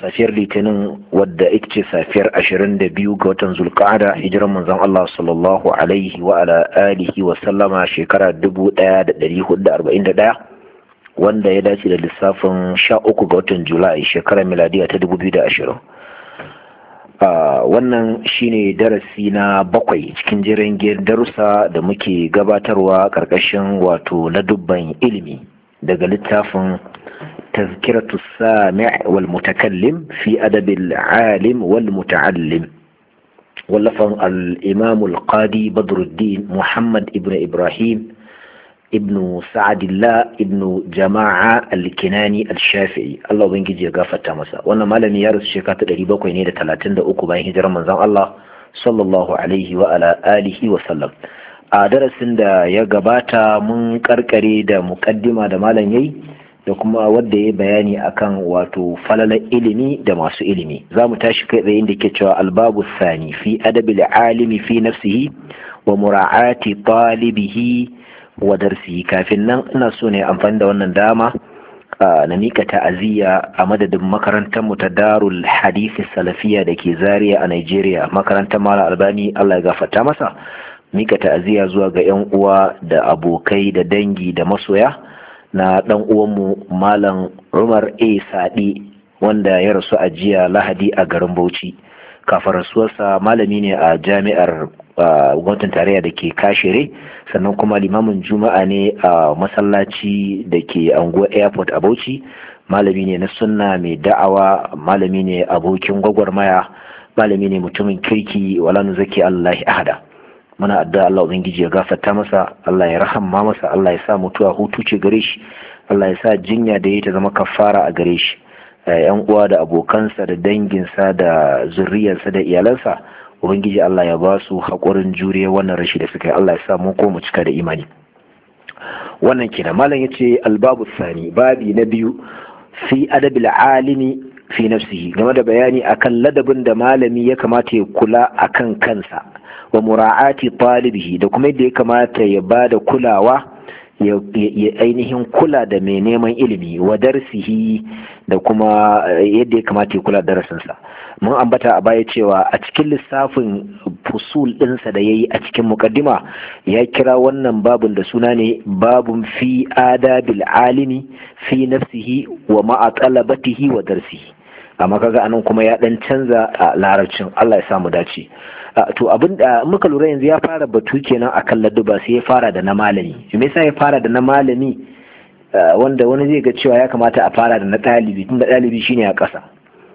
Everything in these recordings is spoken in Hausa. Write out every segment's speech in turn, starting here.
safiyar litinin wadda ita ce safiyar 22 ga watan zulkada hijiran manzon Allah sallallahu alaihi wa ala alihi wa sallama shekara 1441 wanda ya dace da lissafin 13 ga watan julai shekarar miladiya ta 2020 wannan shine darasi na bakwai cikin jirgin darussa da muke gabatarwa karkashin wato na dubban ilimi daga littafin تذكرة السامع والمتكلم في أدب العالم والمتعلم ولف الإمام القاضي بدر الدين محمد ابن إبراهيم ابن سعد الله ابن جماعة الكناني الشافعي الله بنجي يا غفتا مسا وانا مالمي يارس شيكاتا 733 bayan hijirar manzon Allah sallallahu alaihi wa ala alihi wa sallam a darasin da ya gabata mun karkare da mukaddima da malam yayi da kuma wadda ya bayani akan wato falalar ilimi da masu ilimi za mu tashi kai tsaye da ke cewa albabu sani fi adabil alimi fi nafsihi wa mura'ati talibihi wa darsihi kafin nan ina so ne amfani da wannan dama na mika ta'aziyya a madadin makarantar mu ta darul hadisi salafiya da ke zaria a nigeria makarantar mala albani allah ya gafarta masa mika ta'aziyya zuwa ga yan uwa da abokai da dangi da masoya na dan uwanmu malam umar a sadi wanda ya rasu a jiya lahadi a garin bauchi kafin rasuwarsa malami ne a jami'ar gwamnatin tarayya da ke kashere sannan kuma limamin juma'a ne a masallaci da ke anguwa airport a bauchi malami ne na sunna mai da'awa malami ne abokin gwagwarmaya malami ne mutumin kirki wala zaki allahi ahada muna adda Allah ubangiji ya gafarta masa Allah ya rahama masa Allah ya sa mutuwa hutu ce gare shi Allah ya sa jinya da ya ta zama kafara a gare shi eh, yan uwa da abokansa da danginsa da zuriyarsa da iyalansa ubangiji Allah ya ba su haƙurin juriya wannan rashi da suka yi Allah ya sa mu ko mu cika da imani wannan kenan malam ce albabu sani babi na biyu fi adabil alimi fi nafsihi game da bayani akan ladabin da malami ya kamata ya kula akan kansa wa mura'ati talibihi da kuma yadda ya kamata ya ba da kulawa ya ainihin kula da mai neman ilimi wa darsihi da kuma eh, yadda ya kamata ya kula da darasinsa mun ambata a baya cewa a cikin lissafin fusul ɗinsa da ya yi a cikin mukaddima ya kira wannan babun da suna ne babun fi adabil alimi fi nafsihi wa ma'a talabatihi wa darsihi amma kaga anan kuma ya dan canza a larabcin Allah ya samu dace to abin da muka lura yanzu ya fara batu kenan akan ladduba sai ya fara da na malami me yasa ya fara da na malami wanda wani zai ga cewa ya kamata a fara da na ɗalibi tunda ɗalibi shine a ƙasa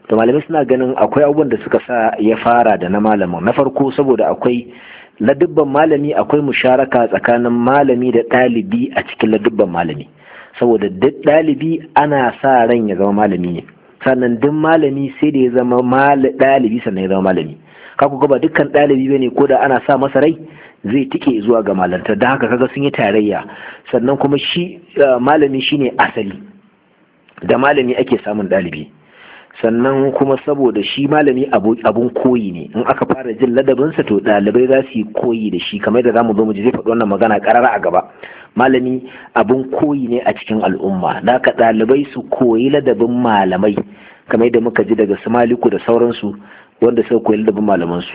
to malamai suna ganin akwai abubuwan da suka sa ya fara da na malamin na farko saboda akwai ladubban malami akwai musharaka tsakanin malami da ɗalibi a cikin ladubban malami saboda duk ɗalibi ana sa ran ya zama malami ne sannan duk malami sai da ya zama ɗalibi sannan ya zama malami kaku gaba dukkan ɗalibi bane ko da ana sa masa rai zai tike zuwa ga malanta da haka kaga sun yi tarayya sannan kuma shi eh, malami shine asali da malami ake samun ɗalibi sannan kuma saboda shi malami abun koyi ne in aka fara jin ladabinsa to ɗalibai za su yi koyi da shi kamar da zamu zo mu ji zai faɗi wannan magana karara a gaba malami abun koyi ne a cikin al'umma da ka ɗalibai su koyi ladabin malamai kamar da muka ji daga su maliku da sauransu wanda suka koyi ladabin malamansu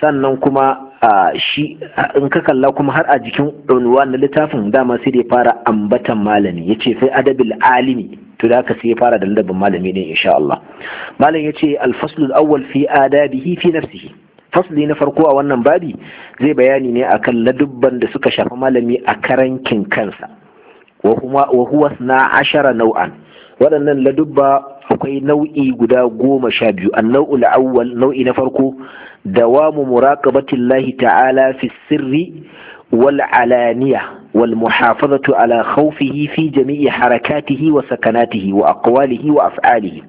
sannan kuma shi in ka kalla kuma har a jikin unwan na littafin dama sai da ya fara ambatan malami yace sai adabil alimi to da haka sai ya fara da ladabin malami ne insha Allah malam yace al-faslul awwal fi adabihi fi nafsihi fasli na farko a wannan babi zai bayani ne akan ladubban da suka shafi malami a karankin kansa wa huwa na ashara nau'an waɗannan ladubba akwai nau'i guda goma sha biyu an nau'ul awwal nau'i na farko dawamu muraqabatillahi ta'ala fi sirri والعلانية والمحافظة على خوفه في جميع حركاته وسكناته وأقواله وأفعاله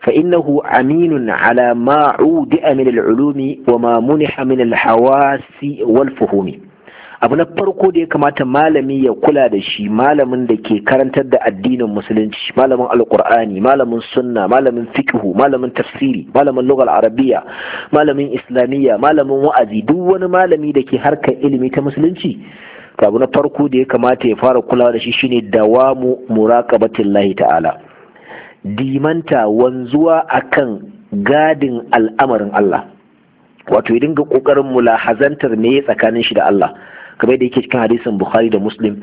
فإنه أمين على ما عودئ من العلوم وما منح من الحواس والفهوم abu na farko da ya kamata malami ya kula da shi malamin da ke karantar da addinin musulunci malamin alkur'ani malamin sunna malamin fikihu malamin tafsiri malamin lugal arabiya malamin islamiyya malamin wa'azi duk wani malami da ke harkar ilimi ta musulunci abu na farko da ya kamata ya fara kula da shi shine dawamu lahi ta'ala dimanta wanzuwa akan gadin al'amarin Allah wato ya dinga kokarin mulahazantar me tsakanin shi da Allah kamar da yake cikin hadisin bukhari da muslim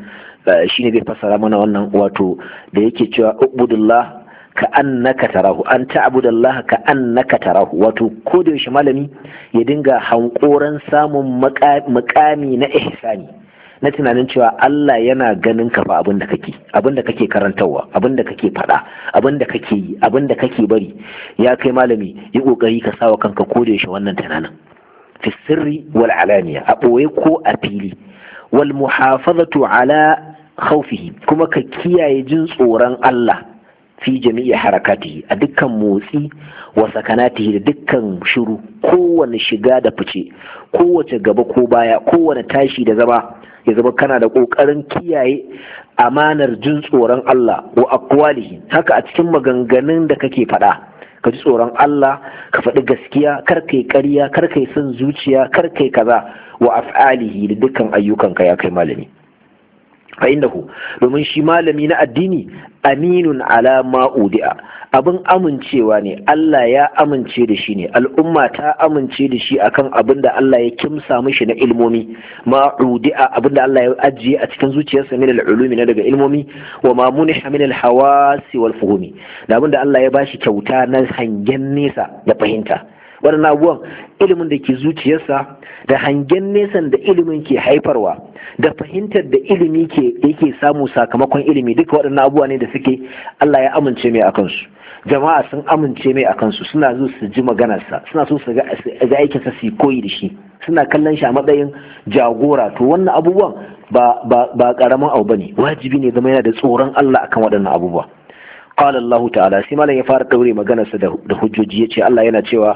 shine zai fassara mana wannan wato da yake cewa ubudullah ka annaka tarahu an abudullah ka annaka tarahu wato ko da yaushe malami ya dinga hankoran samun mukami na ihsani na tunanin cewa Allah yana ganin ka fa abin da kake abin da kake karantarwa abin da kake faɗa abin da kake yi abin da kake bari ya kai malami yi kokari ka sawa kanka ko da yaushe wannan tunanin fi sirri wal alaniya a ɓoye ko a fili wal muhafazatu ala khawfihi kuma ka kiyaye jin tsoron Allah fi jami'i harakatihi a dukkan motsi wa sakanatihi da dukkan shiru kowane shiga da fice kowace gaba ko baya kowane tashi da zama ya zama kana da ƙoƙarin kiyaye amanar jin tsoron Allah wa akwalihi haka a cikin maganganun da kake faɗa ka ji tsoron Allah ka faɗi gaskiya kar kai ƙarya kar kai son zuciya kar kai kaza wa af'alihi da dukkan ayyukanka ya kai malami fa domin shi malami na addini aminun ala ma'udi'a abin amincewa ne Allah ya amince da shi ne al'umma ta amince da shi akan abin da Allah ya kimsa mishi na ilmomi ma'udi'a abin da Allah ya ajiye a cikin zuciyarsa min al-ulumi na daga ilmomi wa ma munha min al-hawasi wal fuhumi da abin da Allah ya bashi kyauta na hangen nesa da fahimta waɗannan abubuwan ilimin da ke zuciyarsa da hangen nesan da ilimin ke haifarwa da fahimtar da ilimi ke yake samu sakamakon ilimi duka waɗannan abubuwa ne da suke Allah ya amince mai akan su jama'a sun amince mai akan su suna zo su ji maganarsa suna so su ga sa su koyi da shi suna kallon shi a matsayin jagora to wannan abubuwan ba ba ba karamin abu bane wajibi ne zama yana da tsoron Allah akan waɗannan abubuwa qala Allah ta'ala sai malam ya fara daure maganarsa da hujjoji ya ce Allah yana cewa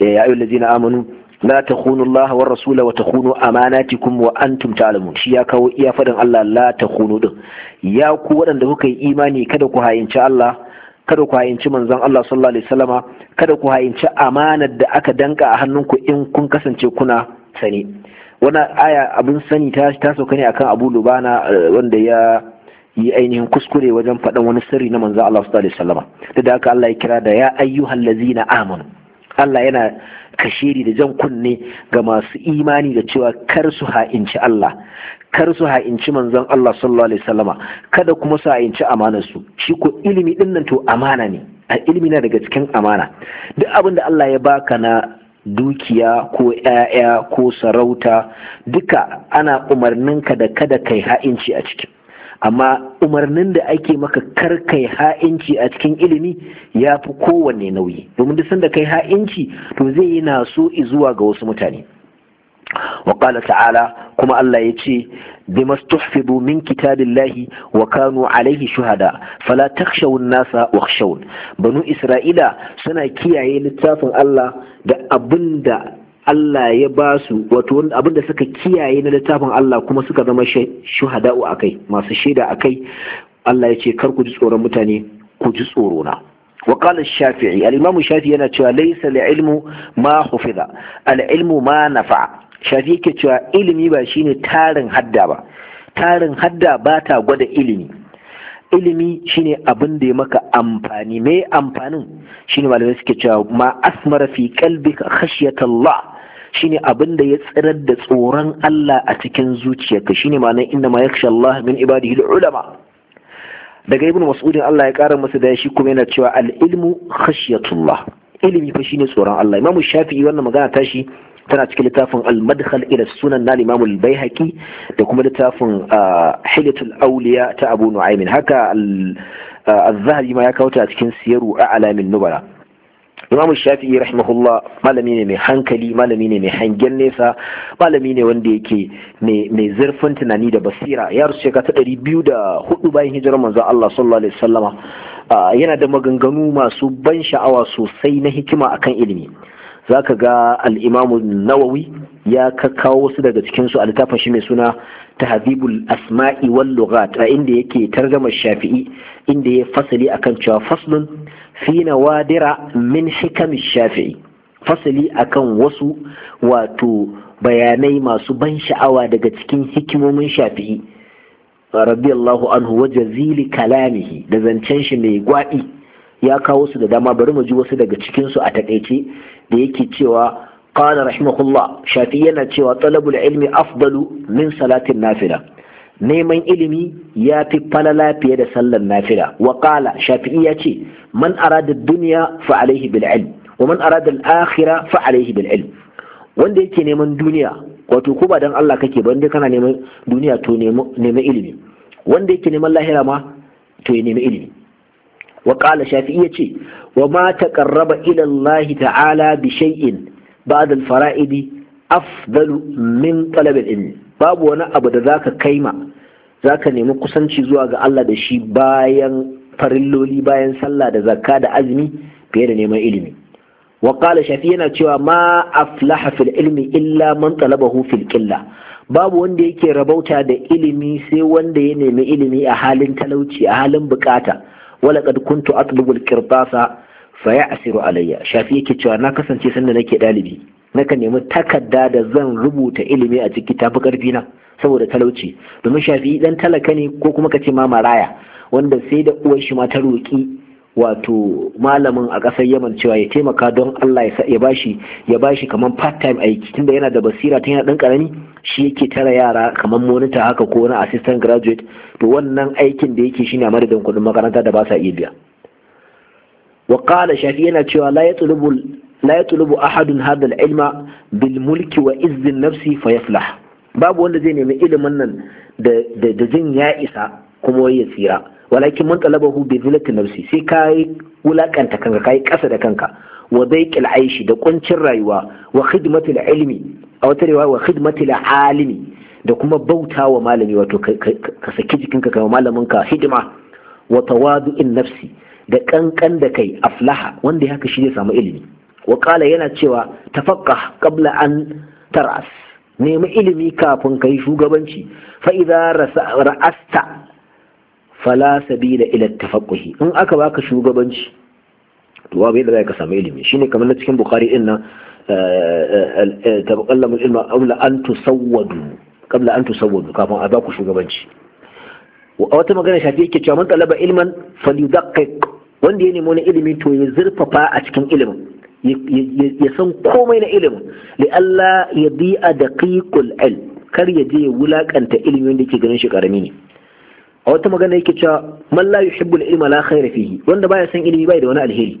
ya ayyuhal ladzina amanu la takhunu Allah war rasula wa takhunu amanatikum wa antum ta'lamun shi ya kawo iya faɗin Allah la takhunu din ya ku waɗanda kuka yi imani kada ku hayinci Allah kada ku hayinci manzon Allah sallallahu kada ku hayinci amanar da aka danka a hannunku in kun kasance kuna sani wannan aya abin sani ta sauka ne akan Abu Lubana wanda ya yi ainihin kuskure wajen faɗan wani sirri na manzo Allah sallallahu alaihi wasallam da haka Allah ya kira da ya ayyuhal ladzina amanu Allah yana kashiri da jan kunne ga masu imani da cewa kar su ha'inci Allah kar su ha'inci manzon Allah sallallahu alaihi wasallama kada kuma su ha'inci amanar su shi ko ilimi din nan to amana ne a ilimi na daga cikin amana duk abin da Allah ya baka na dukiya ko ƴaƴa ko sarauta duka ana umarninka da kada kai ha'inci a cikin. amma umarnin da ake maka kar karkai ha'inci a cikin ilimi ya fi kowanne nauyi domin da sanda kai ha'inci to zai yi naso zuwa ga wasu mutane wa qala ta'ala kuma Allah ya ce bima tuhfidu min kitabillahi wa kanu alaihi shuhada fala takshawun nasa wakhshawun banu isra'ila suna kiyaye littafin Allah da abinda Allah ya ba su wato abin da suka kiyaye na littafin Allah kuma suka zama shuhada'u a kai masu shaida a kai Allah ya ce kar ku ji tsoron mutane ku ji tsoro na wa qala shafi'i al-imam shafi'i yana cewa laysa al-ilmu ma hufiza al-ilmu ma nafa shafi'i yake cewa ilimi ba shine tarin hadda ba tarin hadda ba ta gwada ilimi ilimi shine abin da ya maka amfani me amfanin shine malamai suke cewa ma asmara fi qalbika khashyata Allah shine abin da ya tsirar da tsoron Allah a cikin zuciyarka shine ma'ana inda ma yakhsha Allah min ibadihi ulama daga ibnu mas'udin Allah ya kara masa da shi kuma yana cewa al-ilmu khashyatullah ilimi fa shine tsoron Allah imamu shafi'i wannan magana tashi tana cikin littafin al-madkhal ila sunan na imamu al-baihaqi da kuma littafin ah, hilatul awliya ta abu nu'aymin haka ah, al-zahabi ma ya kawo ta cikin siyaru a a'lamin nubara. imamu shafi'i rahimahullah malami ne mai hankali malami ne mai hangen nesa malami ne wanda yake mai zurfin tunani da basira ya rusu shekara ta ɗari biyu da hudu bayan hijirar manzon Allah sallallahu alaihi wasallam yana da maganganu masu ban sha'awa sosai na hikima akan ilimi zaka ga al-imamu nawawi ya kakkawo wasu daga cikinsu a littafin shi mai suna tahdhibul asma'i wal lughat inda yake targama shafi'i inda ya fasali akan cewa faslun fi wadira min hikam shafi'i fasali akan wasu wato bayanai masu ban sha'awa daga cikin hikimomin shafi'i radiyallahu anhu wa jazili kalamihi da zancen shi mai gwaɗi ya kawo su da dama bari mu ji wasu daga cikin su a takaice da yake cewa qala rahimahullah shafi'i yana cewa talabul ilmi afdalu min salatin nafila neman ilimi ya fi falala fiye da sallar nafila wa qala shafi'i ya ce man arada duniya fa alaihi bil ilm wa man arada al akhirah fa alaihi bil ilm wanda yake neman duniya wato ko ba dan Allah kake ba inda kana neman duniya to neman ilimi wanda yake neman lahira ma to ya nemi ilimi wa qala shafi'i ya ce wa ma taqarraba ila Allah ta'ala bi shay'in ba'da al fara'idi afdalu min talab al ilmi babu wani abu da zaka kaima zaka nemi kusanci zuwa ga Allah da shi bayan farilloli bayan sallah da zakka da azumi fiye da neman ilimi wa shafi yana cewa ma aflaha fil ilmi illa man talabahu fil qilla babu wanda yake rabauta da ilimi sai wanda ya nemi ilimi a halin talauci a halin bukata wala kad kuntu atlubu al-qirtasa fa ya'siru alayya shafi yake cewa na kasance sanda nake ɗalibi. naka nemi takarda da zan rubuta ilimi a ciki tafi karfi na saboda talauci domin shafi dan talaka ne ko kuma ka ce ma maraya wanda sai da uwar shi ma ta roki wato malamin a ƙasar yaman cewa ya taimaka don Allah ya bashi ya bashi kamar part time aiki tunda yana da basira tun yana dan karami shi yake tara yara kamar monitor haka ko wani assistant graduate to wannan aikin da yake shine a madadin kuɗin makaranta da ba sa iya biya wa qala shafi yana cewa la yatlubul la yatlubu ahadun hadha al-ilma bil mulki wa izzin nafsi fayaflah babu wanda zai nemi ilimin nan da jin ya isa kuma ya tsira walakin man talabahu bi zillati nafsi sai kai wulakanta kanka kai kasa da kanka wa daiqil aishi da kuncin rayuwa wa khidmatil ilmi a wata riwaya wa khidmatil alimi da kuma bauta wa malami wato ka saki jikinka ka malamin ka hidima wa tawadu'in nafsi da kankan da kai aflaha wanda ya haka shi zai samu ilimi wa yana cewa tafakka kabla an tar'as nemi ilimi kafin kai shugabanci fa idza ra'asta fala sabila ila tafaqquhi in aka baka shugabanci to babu yadda ka samu ilimi shine kamar na cikin bukhari din nan eh, eh, eh, tabaqallamu ilma qabla an tusawwadu kabla an tusawwadu kafin a baku shugabanci wata magana shafi yake cewa man talaba ilman yudaqqiq wanda ya nemi wani ilimi to ya zurfafa a cikin ilimin ya san komai na ilimin li'alla ya bi a da al kar ya je ya wulakanta ilimin da ke ganin shi karami ne a wata magana yake cewa man la yuhibbu al-ilma la khayra fihi wanda baya san ilimi bai da wani alheri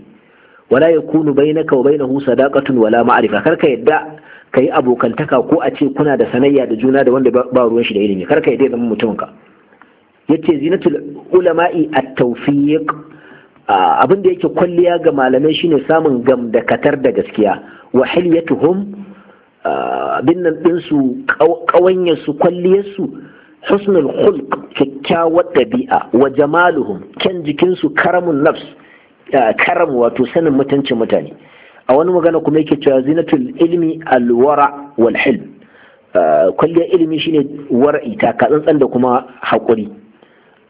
wala yakunu bainaka wa bainahu sadaqatun wala ma'arifa. kar ka yadda kai abokantaka ko a ce kuna da sanayya da juna da wanda ba ruwan shi da ilimi kar ka yadda zama mutumin ka yace zinatul ulama'i at-tawfiq abin da yake kwalliya ga malamai shine samun gam da katar da gaskiya wa hilyatuhum abin nan ɗinsu ƙawanyarsu kwalliyarsu husnul khulq kyakkyawar ɗabi'a wa jamaluhum kyan jikinsu karamun nafs karam wato sanin mutuncin mutane a wani magana kuma yake cewa zinatul ilmi alwara wal hilm Kwalliya ilimi shine wara'i ta tsantsan da kuma haƙuri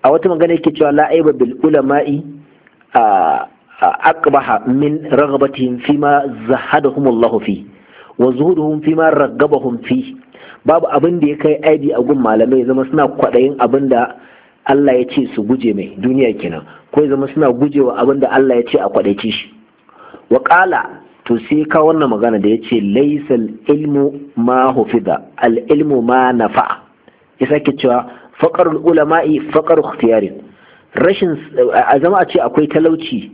a wata magana yake cewa la'aiba bil ulama'i أقبح من رغبتهم فيما زهدهم الله فيه وزهدهم فيما رغبهم فيه babu abin da ya kai aibi a gun malamai zama suna kwaɗayin abin da Allah ya ce su guje mai duniya kenan ko zama suna gujewa abin da Allah ya ce a kwaɗaice shi wa to sai ka wannan magana da yace ce laisal ilmu ma hufida al ilmu ma nafa'a ya cewa faƙar ulama'i faƙar ikhtiyari rashin a zama a ce akwai talauci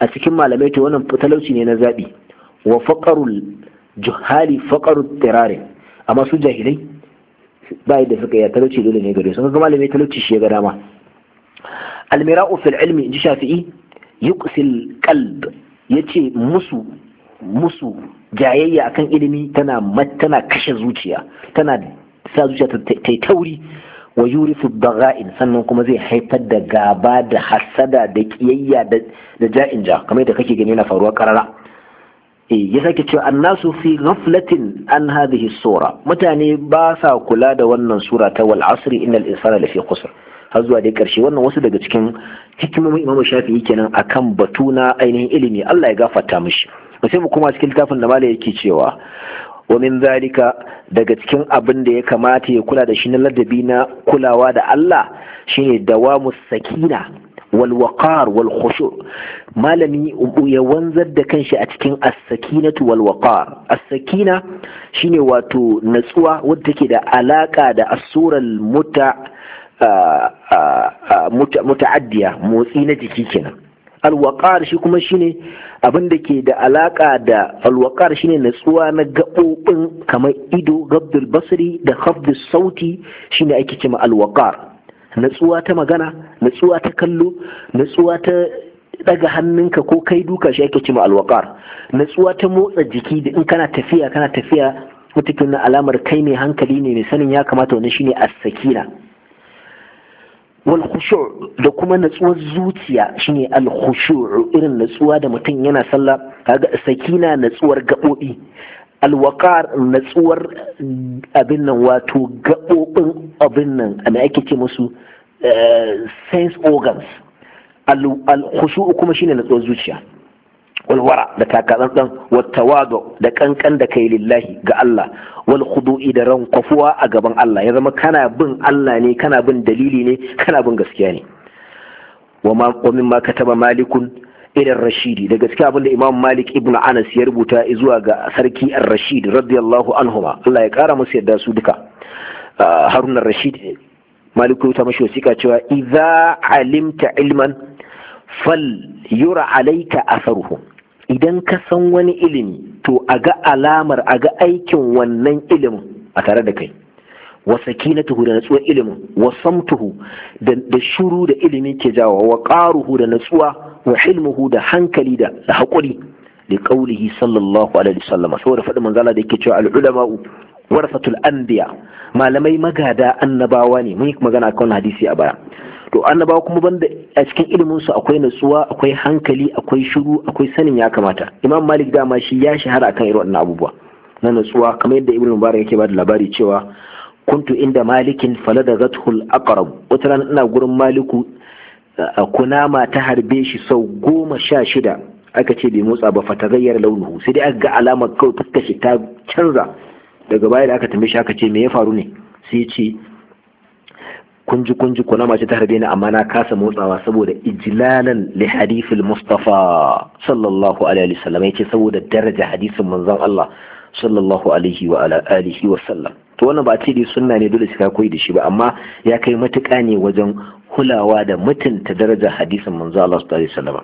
a cikin malamai to wannan talauci ne na zaɓi wa faƙarul juhali faƙarul tirare amma su jahilai ba da suka ya talauci dole ne gare su kuma malamai talauci shi ya ga dama almira'u fil ilmi ji shafi'i yuqsil qalb yace musu musu jayayya akan ilimi tana tana kashe zuciya tana sa zuciya ta tauri wa yurisu dagha'in sannan kuma zai haifar da gaba da hasada da kiyayya da ja'in ja kamar da kake gani na faruwa karara eh ya sake cewa annasu fi ghaflatin an hadhihi sura mutane ba sa kula da wannan sura ta wal asr innal insana lafi khusr har zuwa dai karshe wannan wasu daga cikin hikimomin imamu shafi'i kenan akan batu na ainihin ilimi Allah ya gafarta mishi sai mu kuma cikin littafin da malai yake cewa ومن ذلك daga cikin abin da ya kamata ya kula da shi na ladabi na kulawa da Allah shine dawamu sakina wal waqar wal khushu malami ya wanzar da kanshi a cikin as-sakinatu wal waqar as-sakina shine wato natsuwa wadda take da alaka da as-sural uh, uh, uh, muta muta'addiya motsi na jiki kenan alwakar shi kuma shine abin da ke da alaƙa da alwaƙar shine natsuwa na gaɓoɓin kamar ido gabdul basri da hafdul sauti shine ake cima alwaƙar natsuwa ta magana natsuwa ta kallo natsuwa ta daga hannunka ko kai duka shi ake cima alwaƙar natsuwa ta motsa jiki da in kana tafiya kana tafiya wata alamar kai mai hankali ne mai sanin ya kamata wani shine as-sakina wal da kuma natsuwar zuciya shine al irin natsuwa da mutum yana sallah kaga sakina natsuwar gabobi alwakar natsuwar abin nan wato gabobin abin nan ana ake ce musu eh, sense organs al kuma shine natsuwar zuciya walwara da takatsantsan wattawadu da kankan da kai lillahi ga Allah wal khudu'i da ran a gaban Allah ya zama kana bin Allah ne kana bin dalili ne kana bin gaskiya ne wa ma ma kataba malikun irin rashidi da gaske abin da imam malik ibn anas ya rubuta zuwa ga sarki ar-rashid radiyallahu anhuma Allah ya kara musu yadda su duka ah, harun ar-rashid maliku ta mashi wasiƙa cewa idza alimta ilman fal yura alayka atharuhu idan ka san wani ilimi to a ga alamar a ga aikin wannan ilimin a tare da kai wa sakinatuhu da natsuwar ilimin wa samtuhu da shuru da ilimin ke jawo wa ƙaruhu da natsuwa wa hilmuhu da hankali da haƙuri ƙaulihi sallallahu alaihi wasallam saboda faɗin manzala da yake cewa al warasatul anbiya malamai magada annabawa ne mun yi magana kan hadisi a baya to annaba kuma banda a cikin ilimin su akwai natsuwa akwai hankali akwai shiru akwai sanin ya kamata imam malik dama shi ya shahara akan irin wannan abubuwa na natsuwa kamar yadda ibnu mubarak yake bada labari cewa kuntu inda malikin falada al-aqrab wata rana ina gurin maliku kunama ta harbe shi sau goma sha shida aka ce bai motsa ba fata gayyar launuhu sai dai aka ga alamar kawai fuskar shi ta canza daga baya da aka tambaye shi aka ce me ya faru ne sai ce kunji kunji kuna mace ta harbe ni amma na kasa motsawa saboda ijlalan li hadithil mustafa sallallahu alaihi wasallam yace saboda daraja hadisin manzon Allah sallallahu alaihi wa ala alihi wa sallam to wannan ba a ce dai sunna ne dole sai koyi da shi ba amma ya kai matuƙa ne wajen kulawa da mutunta daraja hadisin manzo Allah sallallahu alaihi wasallam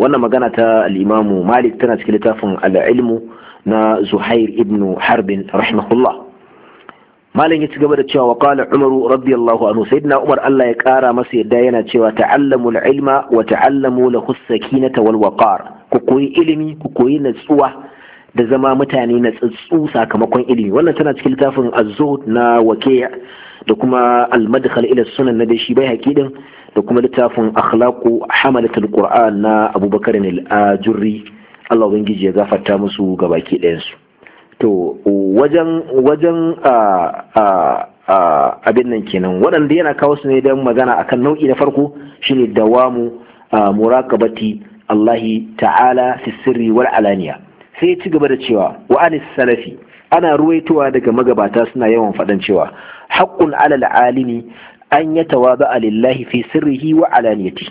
wannan magana ta al-Imam Malik tana cikin littafin al-Ilmu na Zuhair ibn Harbin rahimahullah malam ya ci gaba da cewa wa qala umar radiyallahu anhu sayyidina umar Allah ya kara masa yadda yana cewa ta'allamu ilma wa ta'allamu lahu as-sakinata wal waqar ku koyi ilimi ku koyi natsuwa da zama mutane na tsatsu sakamakon ilimi wannan tana cikin littafin az-zuhd na waqi'a da kuma al-madkhal ila sunan na da shi bai haƙidin da kuma littafin akhlaqu hamalatul qur'an na abubakar al-ajurri Allah ubangiji ya gafarta musu gabaki ɗayansu to wajen wajen abin nan kenan waɗanda yana kawo su ne don magana akan nau'i na farko shine dawamu muraqabati Allahi ta'ala fi sirri wal alaniya sai ci gaba da cewa wa anis salafi ana ruwaitowa daga magabata suna yawan faɗan cewa haqqun alal alimi an ya tawaba lillahi fi sirrihi wa alaniyati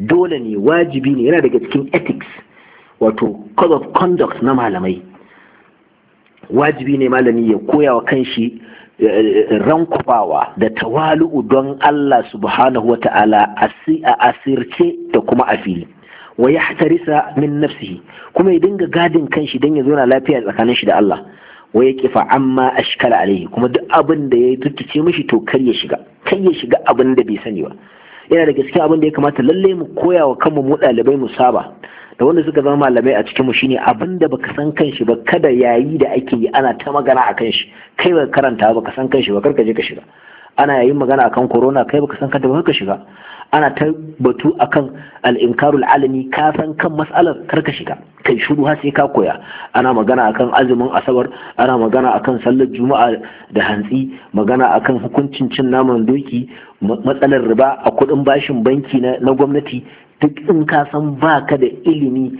dole ne wajibi ne yana daga cikin ethics wato code of conduct na malamai wajibi ne malami ya koya wa kanshi eh, eh, rankubawa da tawalu'u don Allah subhanahu wa ta'ala a asirce da kuma a fili wa ya hatarisa min nafsihi kuma ya dinga gadin kanshi don ya zauna lafiya tsakanin shi da Allah wa ya kifa amma ashkala alaihi kuma duk abin da ya tuttuce mishi to kar ya shiga kar ya shiga abin da bai sani ba yana da gaske abin da ya kamata lallai mu koya wa kanmu mu ɗalibai mu saba da wanda suka zama malamai a cikinmu shine abin da baka san kanshi ba kada yayi da ake yi ana ta magana a kanshi kai ba karanta baka san kanshi ba karka je ka shiga ana yayin magana akan corona kai baka san kanta ba ka shiga ana ta batu akan al-inkarul alami ka san kan mas'alar karka shiga kai shuru har sai ka koya ana magana akan azumin asabar ana magana akan sallar juma'a da hantsi magana akan hukuncin cin naman doki matsalar riba a kudin bashin banki na gwamnati duk in ka san baka da ilimi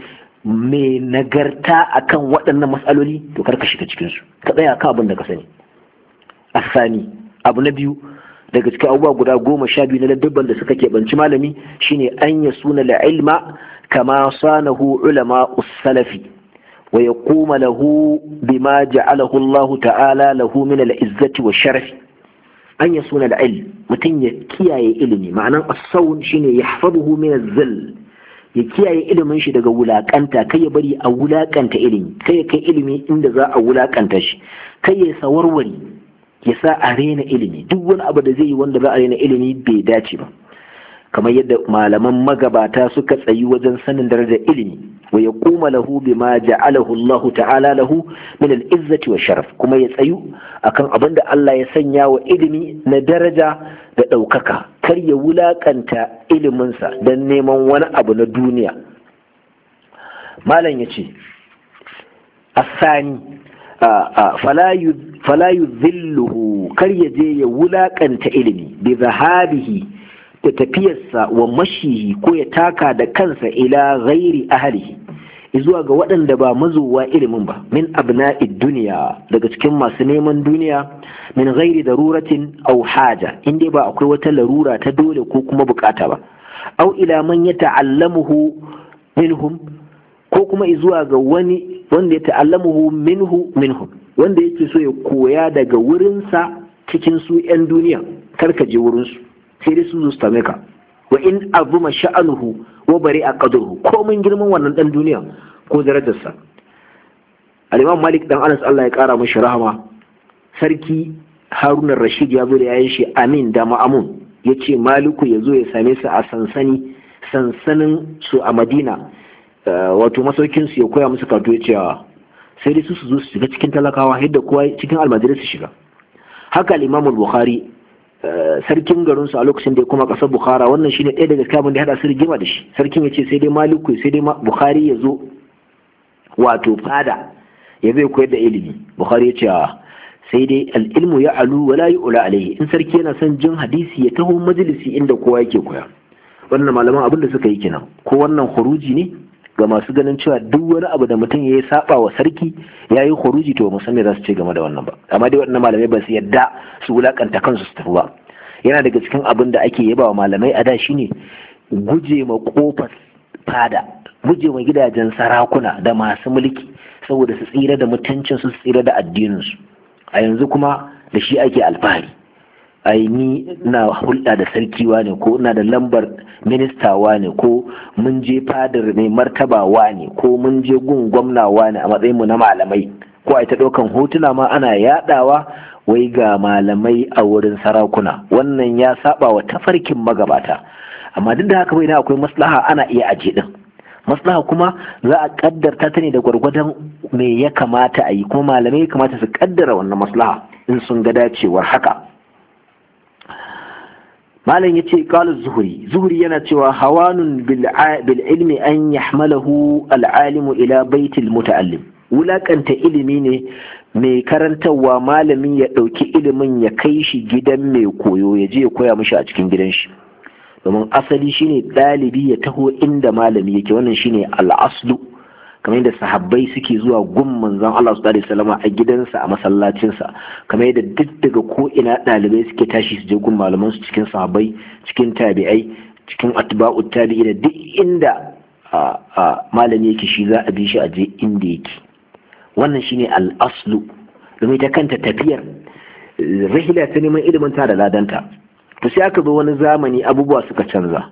mai nagarta akan waɗannan matsaloli to karka shiga cikinsu ka tsaya ka abin da ka sani asani abu na biyu daga cikin abubuwa guda goma sha biyu na ladabban da suka keɓanci malami shine an ya suna la ilma kama sanahu ulama usalafi, wa ya kuma lahu bima ja'alahu Allah ta'ala lahu min al-izzati wa sharafi an ya suna la ilm mutum ya kiyaye ilimi ma'anan as-sawn shine yahfazuhu min az zil, ya kiyaye ilimin shi daga wulakanta kai ya bari a wulakanta ilimi kai ya kai ilimi inda za a wulakanta shi kai ya sawarwari ya sa a rena ilimi duk wani abu da zai yi wanda za a rena ilimi bai dace ba kamar yadda malaman magabata suka tsayi wajen sanin darajar ilimi wa ya kuma lahu bima ja'alahu Allah ta'ala lahu min al-izzati wa sharaf kuma ya tsayu akan abin da Allah ya sanya wa ilimi na daraja da ɗaukaka kar ya wulakanta iliminsa don neman wani abu na duniya malam ya ce asani Falayu. fala yuzilluhu kar ya je ya wulaƙanta ilimi bi zahabihi da tafiyarsa wa mashihi ko ya taka da kansa ila ghairi ahlihi zuwa ga waɗanda ba mazuwa ilimin ba min abna'i duniya daga cikin masu neman duniya min ghairi daruratin aw haja inda ba akwai wata larura ta dole ko kuma bukata ba aw ila man ya yata'allamuhu minhum ko kuma zuwa ga wani wanda ya ta'allamuhu minhu minhum wanda yake so ya koya daga wurinsa cikin su 'yan duniya karka je wurinsu sai dai su zo su ka wa in ma sha'anuhu wa bari a Ko komin girman wannan ɗan duniya ko darajarsa al'imam malik dan anas Allah ya kara mashi rahama sarki harunan rashid ya zo da yayin shi amin da ma'amun ya ce maliku ya zo ya same su a sansani sansanin su a madina eh, wato masaukinsu ya koya musu karatu ya sai dai su su zo su shiga cikin talakawa yadda kowa cikin almajirai su shiga haka al bukhari eh, sarkin garin su a lokacin da ya kuma kasar bukhara wannan shine ɗaya daga abin da ya hada su rigima da shi sarkin ya ce sai dai maliku sai dai bukhari ya zo wato fada ya zai koyar da ilimi bukhari ya ce sai dai al'ilmu ya alu wa la ula alayhi in sarki yana son jin hadisi ya taho majalisi inda kowa yake koya wannan malaman abin da suka yi kenan ko wannan huruji ne ga masu ganin cewa duk wani abu da mutum ya yi saba wa sarki ya yi huruji to musamman za su ce game da wannan ba amma dai waɗannan malamai ba su yadda su wulakanta kansu su tafi ba yana daga cikin abin da ake yaba wa malamai a da shine guje ma kofar fada guje ma gidajen sarakuna da masu mulki saboda su tsira da mutuncin su tsira da addinin su a yanzu kuma da shi ake alfahari ai ni na hulɗa da sarki ne ko ina da lambar minista ne ko mun je fadar mai martaba ne ko mun je gun gwamna ne a matsayin mu na malamai ko ai ta ɗaukan hotuna ma ana yaɗawa wai ga malamai a wurin sarakuna wannan ya saba wa tafarkin magabata amma duk da haka bai na akwai maslaha ana iya aje din maslaha kuma za a kaddarta ta ne da gwargwadon me ya kamata a yi kuma malamai ya kamata su kaddara wannan maslaha in sun ga dacewar haka malam yace qala zuhri zuhri yana cewa hawanun bil ilmi an yahmalahu al alim ila baitil muta'allim wulakanta ilimi ne mai karantarwa malamin ya ɗauki ilimin ya kai shi gidan mai koyo ya je ya koya mishi a cikin gidan shi domin asali shine dalibi ya taho inda malami yake wannan shine al'aslu kamar yadda sahabbai suke zuwa gun manzon Allah su salama a gidansa a masallacinsa kamar yadda duk daga ko ina ɗalibai suke tashi su je gun malaman su cikin sahabbai cikin tabi'ai cikin atba'u da duk inda malami yake shi za a bi shi a je inda yake wannan shine al-aslu domin ta kanta tafiyar rahila ta neman ilimin ta da ladanta to sai aka zo wani zamani abubuwa suka canza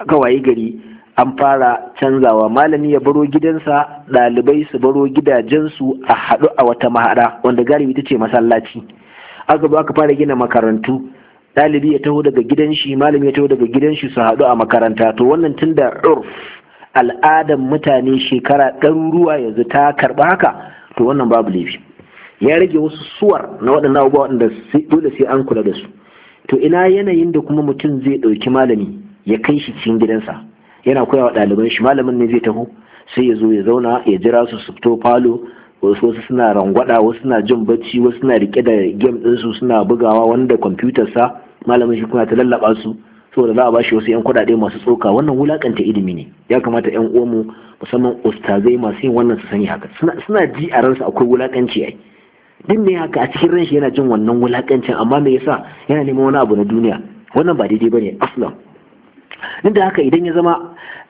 aka wayi gari an fara canzawa malami ya baro gidansa ɗalibai su baro gidajensu a haɗu a wata mahaɗa wanda galibi ta ce masallaci aka ba aka fara gina makarantu ɗalibi ya taho daga gidan shi malami ya taho daga gidan shi su haɗu a makaranta to wannan tun da urf al'adan mutane shekara ɗaruruwa yanzu ta karɓa haka to wannan babu laifi ya rage wasu suwar na waɗannan abubuwa waɗanda dole sai an kula da su to ina yanayin da kuma mutum zai ɗauki malami ya kai shi cikin gidansa yana koya wa ɗaliban shi malamin ne zai taho sai ya zo ya zauna ya jira su su fito falo wasu wasu suna rangwada wasu suna jin bacci wasu suna rike da game su suna bugawa wanda kwamfutar sa malamin shi kuma ta lallaba su saboda za a bashi wasu yan kuɗaɗe masu tsoka wannan wulakanta ilimi ne ya kamata yan uwanmu musamman ustazai masu yin wannan su sani haka suna ji a ransu akwai wulakanci ai duk ne haka a cikin ran shi yana jin wannan wulakancin amma me yasa yana neman wani abu na duniya wannan ba daidai bane aslam duk da haka idan ya zama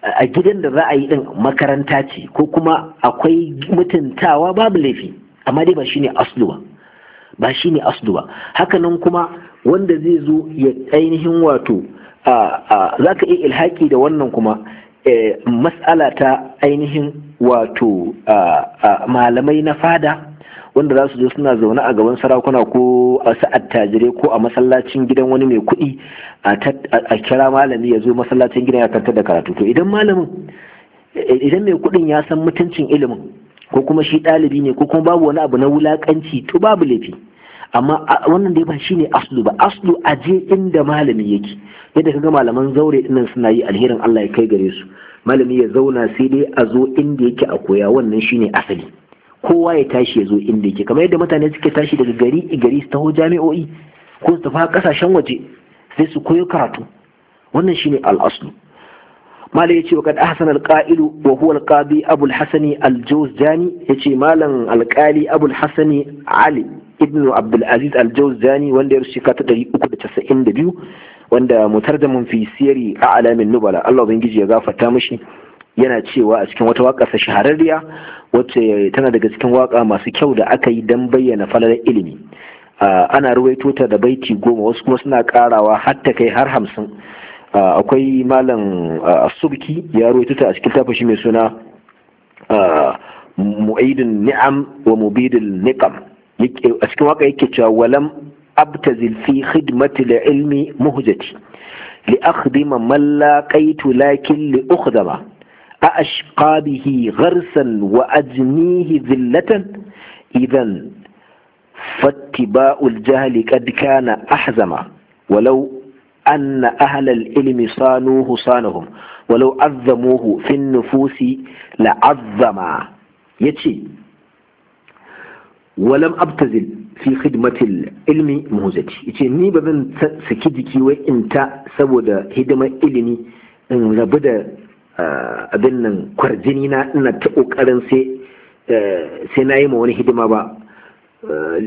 a gidan da za a yi din makaranta ce ko kuma akwai mutuntawa babu laifi amma dai ba shine aslu ba ba shine aslu ba hakanan kuma wanda zai zo ya ainihin wato za ka iya ilhaki da wannan kuma eh, matsala ta ainihin wato malamai na fada wanda za su zo suna zaune a gaban sarakuna ko wasu attajirai ko a masallacin gidan wani mai kuɗi a kira malami ya zo masallacin gidan ya karta da karatu to idan malamin idan mai kuɗin ya san mutuncin ilimin ko kuma shi ɗalibi ne ko kuma babu wani abu na wulakanci to babu laifi amma wannan dai ba shi ne aslu ba aslu a je inda malami yake yadda kaga malaman zaure dinnan suna yi alherin Allah ya kai gare su malami ya zauna sai dai a zo inda yake a koya wannan shi ne asali kowa ya tashi ya zo inda yake kamar yadda mutane suke tashi daga gari gari su taho jami'o'i ko su tafi kasashen waje sai su koyo karatu wannan shine alaslu Malam ya yace wa kad hasan al-qa'ilu wa huwa al-qadi abu al-hasani al ce yace malam al-qali abu al ali ibn Abdulaziz aziz al-jawzani wanda ya rushe ta 392 wanda mutarjamin fi siyari a'lamin nubala Allah ubangiji ya gafarta mishi yana cewa a cikin wata waƙarsa shahararriya wacce tana daga cikin waƙa masu kyau da aka yi don bayyana falalar ilimi ana ruwaito ta da baiti goma wasu kuma suna karawa har ta kai har hamsin akwai malam asubki ya ruwaito ta a cikin tafi mai suna mu'aidin ni'am wa mubidin niqam a cikin waka yake cewa walam abtazil fi khidmati li ilmi muhjati li akhdima man laqaitu lakin li ukhdama أأشقى به غرسا وأجنيه ذلة إذا فاتباع الجهل قد كان أحزم ولو أن أهل العلم صانوه صانهم ولو عظموه في النفوس لعظما يتشي ولم أبتزل في خدمة ilmi muhuzati yace ni ba zan saki jiki wai in ta لابد abin nan kwarjini na ina ta ƙoƙarin sai eh, na yi ma wani hidima ba eh,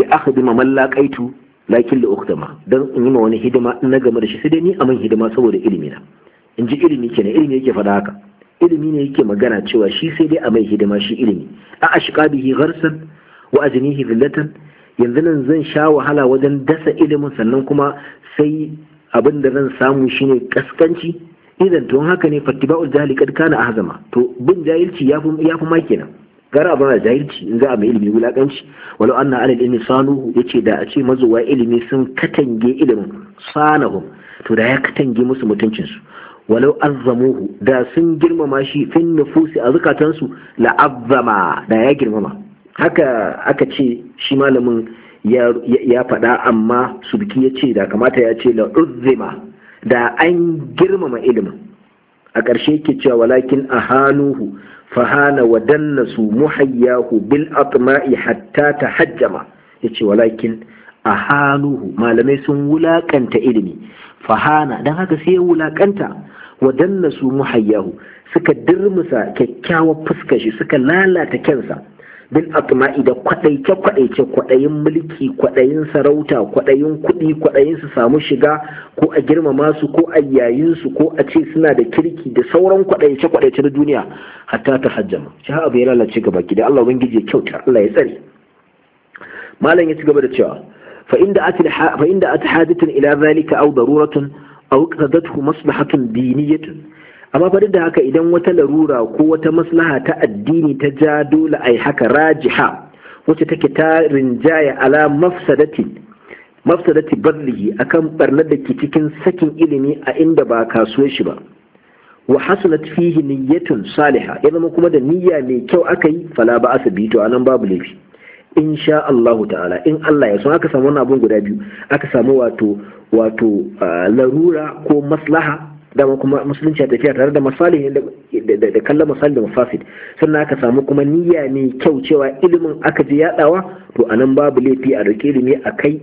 li'akhdima man laqaitu lakin la ukhdama dan in yi ma wani hidima in na game da shi sai dai ni a man hidima saboda ilimi na in ji ilimi kenan ilimi yake faɗa haka ilimi ne yake magana cewa shi sai dai a mai hidima shi ilimi a ashqa bihi gharsan wa ajnihi dhillatan yanzu nan zan sha wahala wajen dasa ilimin sannan kuma sai abin da zan samu shine kaskanci idan to haka ne fattiba'ul jahili kad kana ahzama to bin jahilci yafi yafi ma kenan gara abin da jahilci in za a mai ilimi wulakanci walau anna alal ilmi sanuhu yace da a ce mazuwa ilimi sun katange ilimin sanahum to da ya katange musu mutuncinsu walau azzamuhu da sun girmama shi fin nufusi a zukatansu la'azzama da ya girmama haka aka ce shi malamin ya faɗa amma subki ya ce da kamata ya ce uzzima da an girmama ilimin a ƙarshe ke cewa walakin a hanuhu fahana wa su muhayyahu bil atma'i hatta ta hajjama ya ce walakin a hannuhu?" malamai sun wulaƙanta ilimi fahana don haka sai ya wulakanta wa muhayyahu suka dirmusa kyakkyawar fuskar shi suka lalata kyansa bil atma'i da kwaɗaice-kwaɗaice kwaɗayin mulki kwadayin sarauta kwadayin kuɗi, kwadayin su samu shiga ko a girmama su ko a yayin su ko a ce suna da kirki da sauran kwadaice kwadaice na duniya hatta ta hajjama shi ha abu ya lalace gaba ki da Allah ubangiji ya kyauta Allah ya tsare malam ya ci gaba da cewa fa inda atil fa inda ila zalika aw daruratun aw qadathu maslahatun diniyatun amma fa duk da haka idan wata larura ko wata maslaha ta addini ta ja dole ayi haka rajiha wacce take ta rinjaya ala mafsadati mafsadati barlihi akan barnar da ke cikin sakin ilimi a inda ba kasuwar shi ba wa hasanat fihi niyyatun saliha ya zama kuma da niyya mai kyau aka yi fala ba asa bi to anan babu laifi insha Allahu ta'ala in Allah ya so aka samu wannan abun guda biyu aka samu wato wato ah, larura ko maslaha dama kuma musulunci ya tafiya tare da masalih da kallon masalih da mafasid sannan aka samu kuma niyya ne kyau cewa ilimin aka je yadawa to a nan babu laifi a dauki ilimi a kai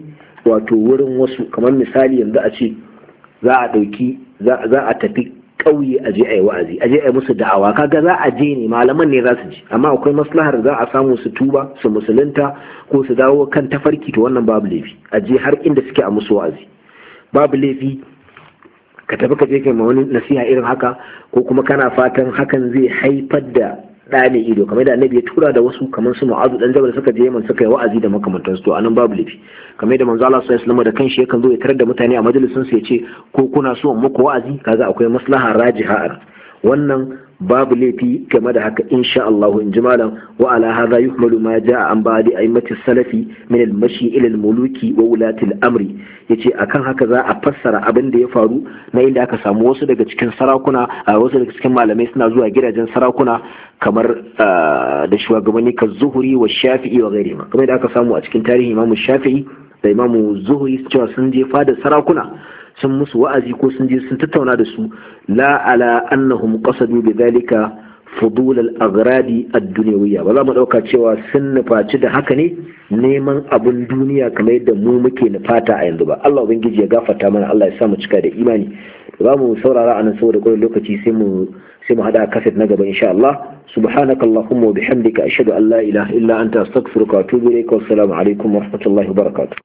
wato wurin wasu kamar misali yanzu a ce za a dauki za a tafi ƙauye a je a yi wa'azi a je a yi musu da'awa kaga za a je ne malaman ne za su ji amma akwai maslahar za a samu su tuba su musulunta ko su dawo kan tafarki to wannan babu laifi a je har inda suke a musu wa'azi babu laifi ka tafi ka je kai ma wani nasiha irin haka ko kuma kana fatan hakan zai haifar da ɗani ido kamar da annabi ya tura da wasu kamar su ma'azu dan jabal suka je man suka yi wa'azi da makamantansu to anan babu laifi kamar da manzo Allah sallallahu alaihi da kanshi yakan zo ya tarar da mutane a majalisin su ya ce ko kuna so muku wa'azi kaga akwai maslaha rajiha wannan babu laifi game da haka insha Allah in ji malam wa ala hadha yuhmalu ma jaa an ba'di aimmatis salafi min al-mashi ila al-muluki wa ulati al-amri yace akan haka za a fassara abin da ya faru na inda aka samu wasu daga cikin sarakuna wasu daga cikin malamai suna zuwa gidajen sarakuna kamar da shugabanni ka zuhuri wa shafi'i wa ma kamar da aka samu a cikin tarihi imamu shafi'i da imamu zuhuri cewa sun je fada sarakuna sun musu wa'azi ko sun je sun tattauna da su la ala annahum qasadu bi zalika fudul al-aghradi ad-dunyawiyya ba za mu dauka cewa sun nufaci da haka ne neman abun duniya kamar yadda mu muke nufata a yanzu ba Allah ubangiji ya gafarta mana Allah ya sa mu cika da imani za mu saurara anan saboda kawai lokaci sai mu sai mu hada kaset na gaba insha Allah subhanaka allahumma wa bihamdika ashhadu an la ilaha illa anta astaghfiruka wa atubu ilaik wa assalamu alaikum wa rahmatullahi